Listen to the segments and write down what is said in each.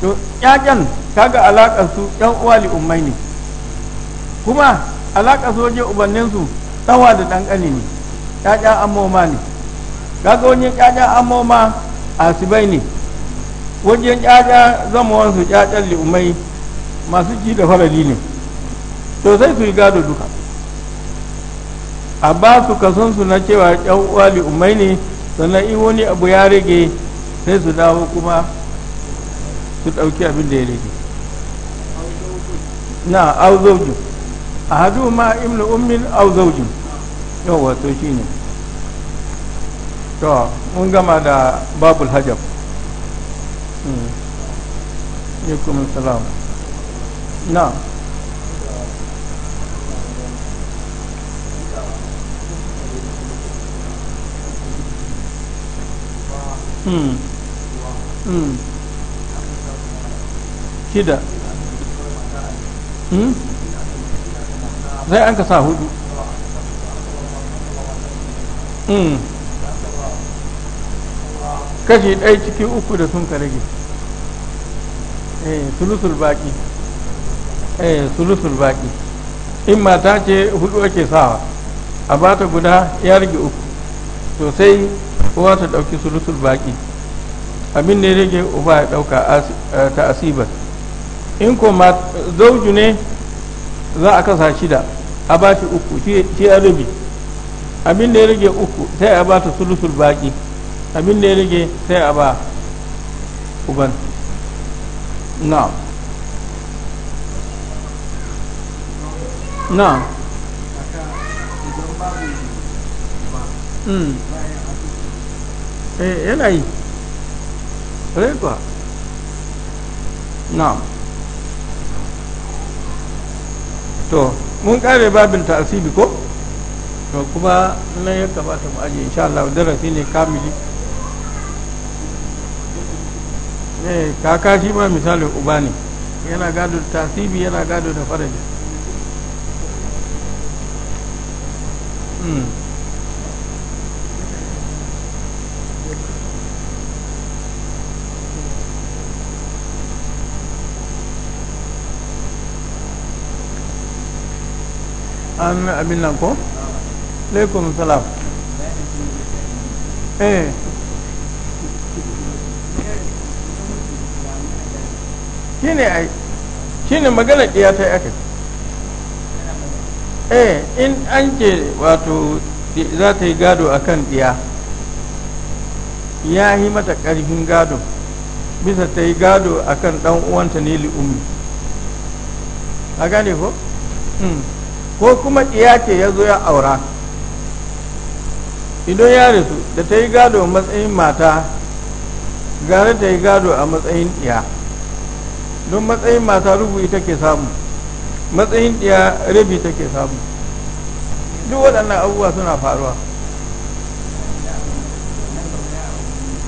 to ƴaƴan kaga alaƙar su ƴan uwa li ummai ne kuma alaƙar su waje ubannin ɗawa da ɗan ƙani ne ƴaƴa amoma ne kaga wani ƴaƴa amoma asibai ne wajen ƴaƴa zamawansu ƴaƴan li ummai masu ji da farali ne to sai su yi gado duka a ba su kasonsu na cewa ƴan uwa ummai ne sannan in wani abu ya rage sai su dawo kuma su ɗauki abin da ya rage na auzaujin a hadu ma imla ummin auzaujin yau wato shi ne to mun gama da babul hajab hmm. alaikum salam na Hmm. Hmm. shida hmm? sai an ka sa hudu hmm. kashi ɗaya ciki uku da sun ka rage eh, sulusul baki eh, sulusul baki in mata ce hudu ake sawa a bata guda ya rage uku sosai sai uwa ta ɗauki sulusul baki abin da ya rage uba ya ɗauka eh, ta asibar in kuma zauju ne za a kasa shida a ba shi uku shi ya rabi abin da ya rage uku sai a ba ta sulusul baki abin da ya rage sai a ba uban na. na. Hmm. eh yana yi kuwa na to mun kare babin ta'asibi ko to kuma nan ya kamata mu aje insha Allah darasi ne kamili ne eh, kaka shi ma misali uba ne yana gado da tasibi yana gado da faraji hmm. an abin nan ko alaikum salam eh shine ai shine magana ɗiya ta yi aka eh in an ke wato za ta yi gado a kan ɗiya ya yi mata ƙarfin gado bisa ta yi gado a kan ɗan uwanta ne li'umi a gane ko? Hmm. ko kuma ɗiya ce ya zo ya aura idan ya rasu da ta yi gado a matsayin mata gane ta yi gado a matsayin ɗiya don matsayin mata rubu ita ke samu matsayin ɗiya rabi take samu duk waɗannan abubuwa suna faruwa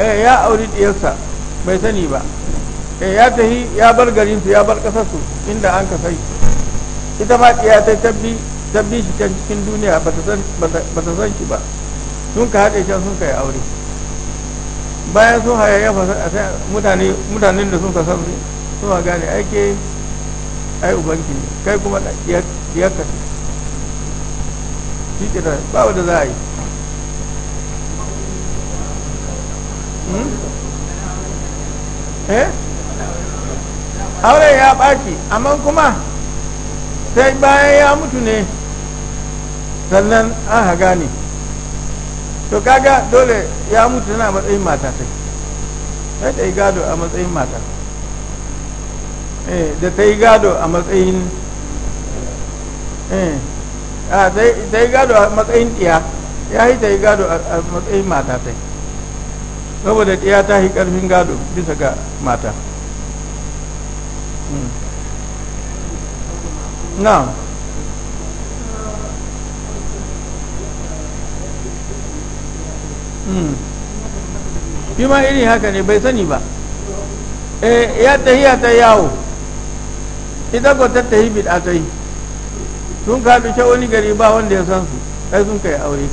eh ya auri ɗiyarsa bai sani ba eh ya tahi ya bar garinsu ya bar ƙasarsu inda an ka sai ita ma ta ta tabbi tabbi shi can cikin duniya ba ta san shi ba sun ka haɗe can sun ka yi aure bayan sun ya hayayyafa mutane mutanen da sun ka san sun ha gane aike ai ubanki kai kuma ya ka shi ke da ba wanda za a yi hmm? eh ya ɓaki amma kuma sai bayan ya mutu ne sannan an haga ne to kaga dole ya mutu na matsayin mata sai sai ta yi gado a matsayin mata eh, da ta yi gado a matsayin eh, ta yi gado a matsayin ɗiya ya yi ta yi gado a matsayin mata sai saboda ɗiya ta yi karfin gado bisa ga mata hmm. na'am hmm. shi ma iri haka ne bai sani ba eh, ya tahiya ta yawo ita ko ta tahi bid'a yi sun kaɗu ce wani gari ba wanda ya san su kai sun kai aure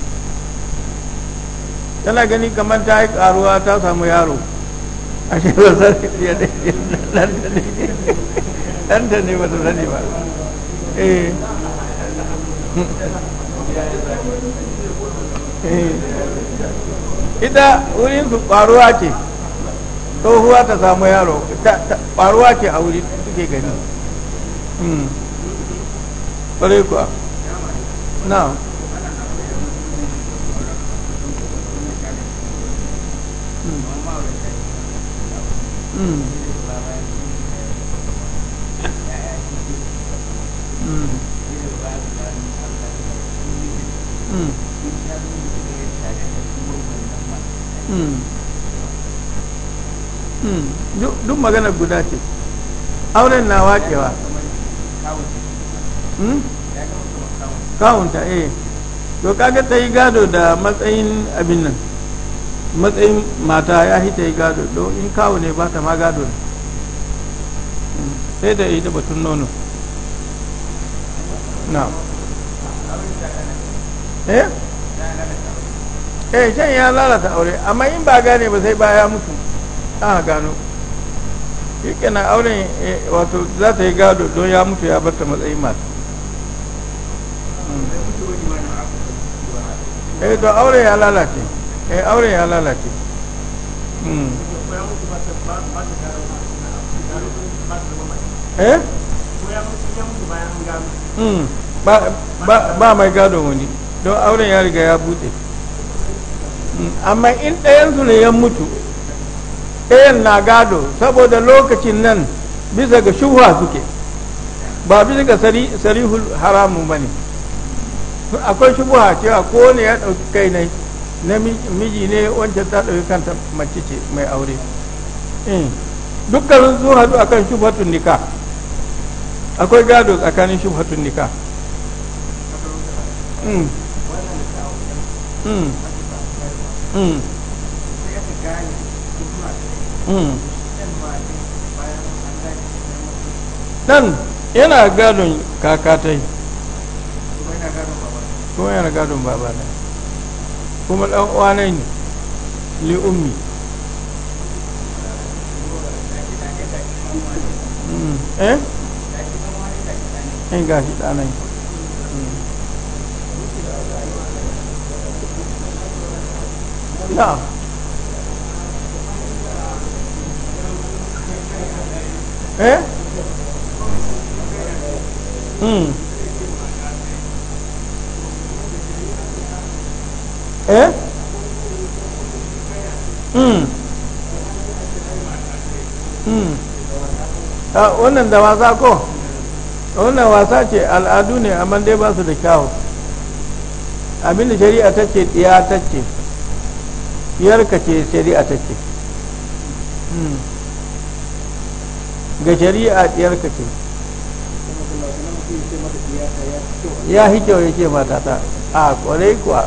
tana gani kamar ta yi karuwa ta samu yaro a shi ba sani ɗanta ne ba ta sani ba Eh. ita wurin su ƙwaruwa ce tsohuwa ta samu yaro ƙwaruwa ce a wuri suke gani hmm. ƙwarai kuwa na Mm. Hmm. duk magana guda ce auren na wakewa hmm? kawunta eh to kaga ta yi gado da matsayin abin nan matsayin mata ya hita yi gado don in kawo ne ba ta ma gado hmm. sai da ita batun nono na eh eh can ya lalata aure amma in ba gane ba sai baya mutu a gano shi kenan auren eh, wato za ta yi gado don ya mutu ya bata matsayi mata hmm. eh to aure ya lalace eh aure ya lalace hmm. eh Hmm, ba mai gado wani don auren ya riga ya bude hmm, amma in ɗayansu ne ya mutu ɗayan na gado saboda lokacin nan bisa ga shuhuwa suke ba bisa ga sarihul haramu ba ne akwai shubuha cewa ko ne ya ɗauki kai ne na miji ne wancan ta ɗauki kanta mace ce mai aure hmm, dukkan zuwa haɗu akan shubhatun nikah akwai gado tsakanin hatun nika hmm. hmm. hmm. dan yana gadon kakatai kuma yana gadon baba ne kuma dan uwa ne li ummi eh kai ga shi ɗanai eh mm eh hmm. Hmm. Ah, wannan da ko wannan wasa ce al'adu ne amma dai ba su da kyawu abin da shari'a ta ce ɗiya ta ce yarka ce shari'a ta ce hmm. ga shari'a ɗiyarka ce ya fi kyau ya ce mata ta a kwarai kuwa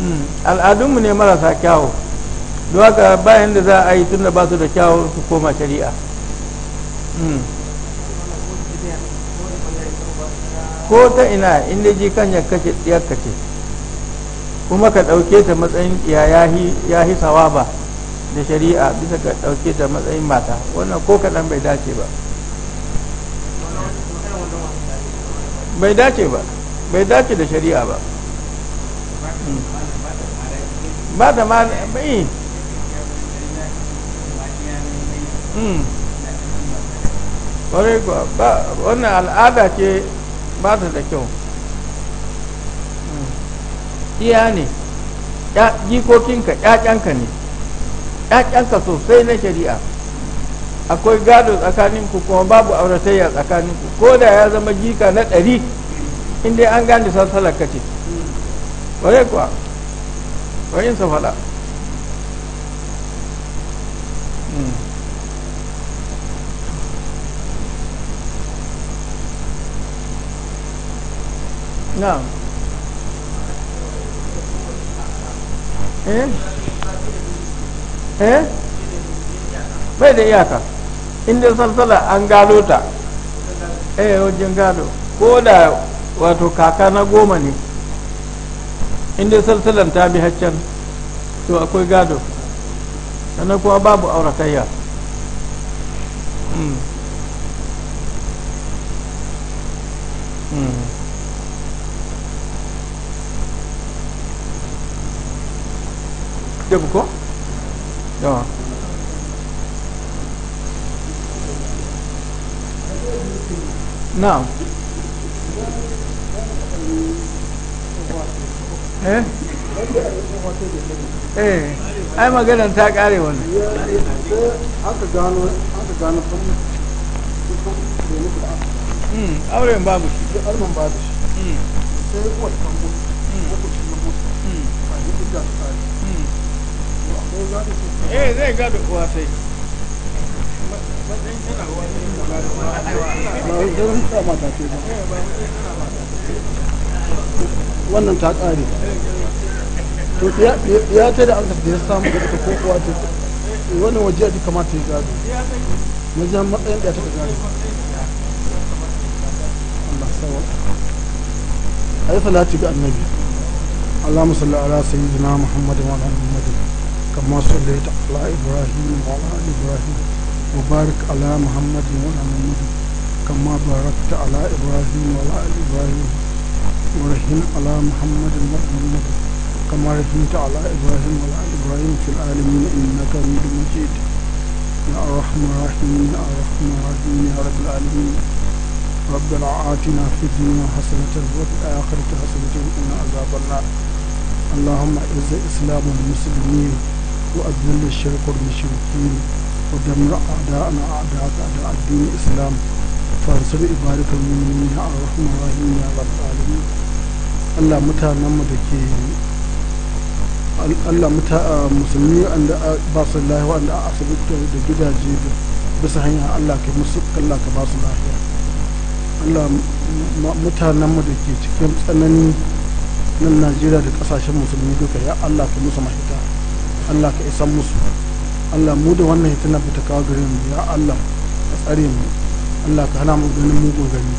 hmm. al'adunmu ne marasa kyawu duwaka bayan da za a yi tun da ba su da kyawu su koma shari'a hmm. ko ta ina inda ji kan kace tsiyar ce kuma ka ɗauke ta matsayin ya yahi sawaba da shari'a bisa ka ɗauke ta matsayin mata wannan ko kaɗan bai dace ba bai dace ba bai dace da shari'a ba hmm. ba da ma bai hmm. wannan al'ada ce ba ta da kyau hmm. iya ne jikokinka ƴaƴanka ne ƴaƴanka sosai na shari'a akwai gado tsakaninku kuma babu auratayya tsakaninku ko da ya zama jika na ɗari inda an gane sassalar kace ware kuwa wayin sa faɗa hmm. na'am eh? eh bai da iyaka inda salsala an galo ta eh wajen gado ko da wato kaka na goma ne inda salsalan ta bi haccan to akwai gado sannan kuma babu auratayya hmm. Deu bucô? Ó. Não. Eh? Eh. Ai maganar ta kare wannan. Aka gano aka gano auren babu shi. Auren babu shi. Sai kuwa Eh, wannan ta ƙare to ya ta da arziki da ya samu da ta ko kuwa ta wannan waje ya kamata ya gado wajen matsayin da ya ta gado Allah sawa ai salati ga annabi اللهم صل على سيدنا محمد وعلى محمد كما صليت على إبراهيم وعلى آل إبراهيم وبارك على محمد وعلى محمد كما باركت على إبراهيم وعلى آل إبراهيم ورحم على محمد وعلى محمد كما رحمت على إبراهيم وعلى آل إبراهيم في العالمين إنك حميد مجيد يا أرحم الراحمين يا أرحم الراحمين يا رب العالمين رب العاتنا في الدنيا حسنة وفي الآخرة حسنة وقنا عذاب النار اللهم اعز الإسلام والمسلمين وأذل الشرك والمشركين ودمر أعداءنا أعداءك أعداء الدين الإسلام فانصر عبادك المؤمنين على الرحمن الرحيم يا رب العالمين الله متانم دكي Allah muta musulmi wanda ba su lahiya wanda a asibiti da gidaje bisa hanya Allah ka musu Allah ka ba su lahiya Allah mutanenmu da ke cikin tsanani nan Najeriya da kasashen musulmi duka ya Allah ka musu mahita Allah ka isan musu Allah mu da wannan hitina ba ta kawo gare mu ya Allah ka tsare mu Allah ka hana mu ganin mugun gari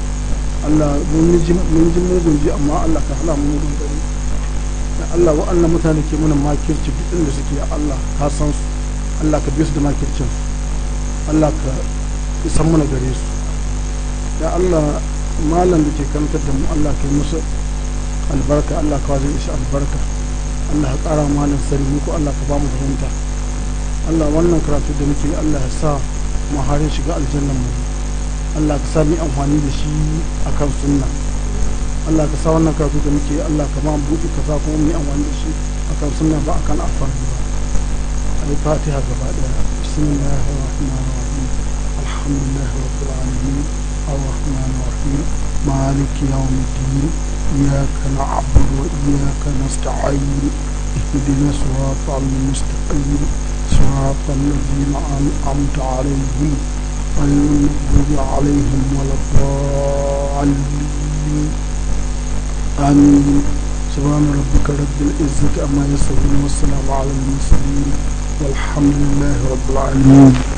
Allah mun ji mugun ji amma Allah ka hana mu mugun gari ya Allah wa'annan mutane ke mana makirci duk inda suke ya Allah ka san su Allah ka bi su da makircin Allah ka isan mana gare su ya Allah malam da ke kantar da mu Allah ka yi musu albarka Allah ka wajen isa albarka Allah ya ƙara malam sani mu ko Allah ka ba mu fahimta Allah wannan karatu da muke Allah ya sa mu hare shiga aljannan mu Allah ka sa mu amfani da shi akan sunna Allah ka sa wannan karatu da muke Allah ka ba mu buɗe ka sa kuma mu amfani da shi akan sunna ba akan afani ba الفاتحة بعد بسم الله الرحمن الرحيم الحمد لله رب العالمين الرحمن الرحيم مالك يوم الدين إياك نعبد وإياك نستعين اهدنا صراط المستقيم صراط الذين أنعمت عليهم غير المغضوب عليهم ولا الضالين آمين سبحان ربك رب العزة أما يصفون والسلام على المرسلين والحمد لله رب العالمين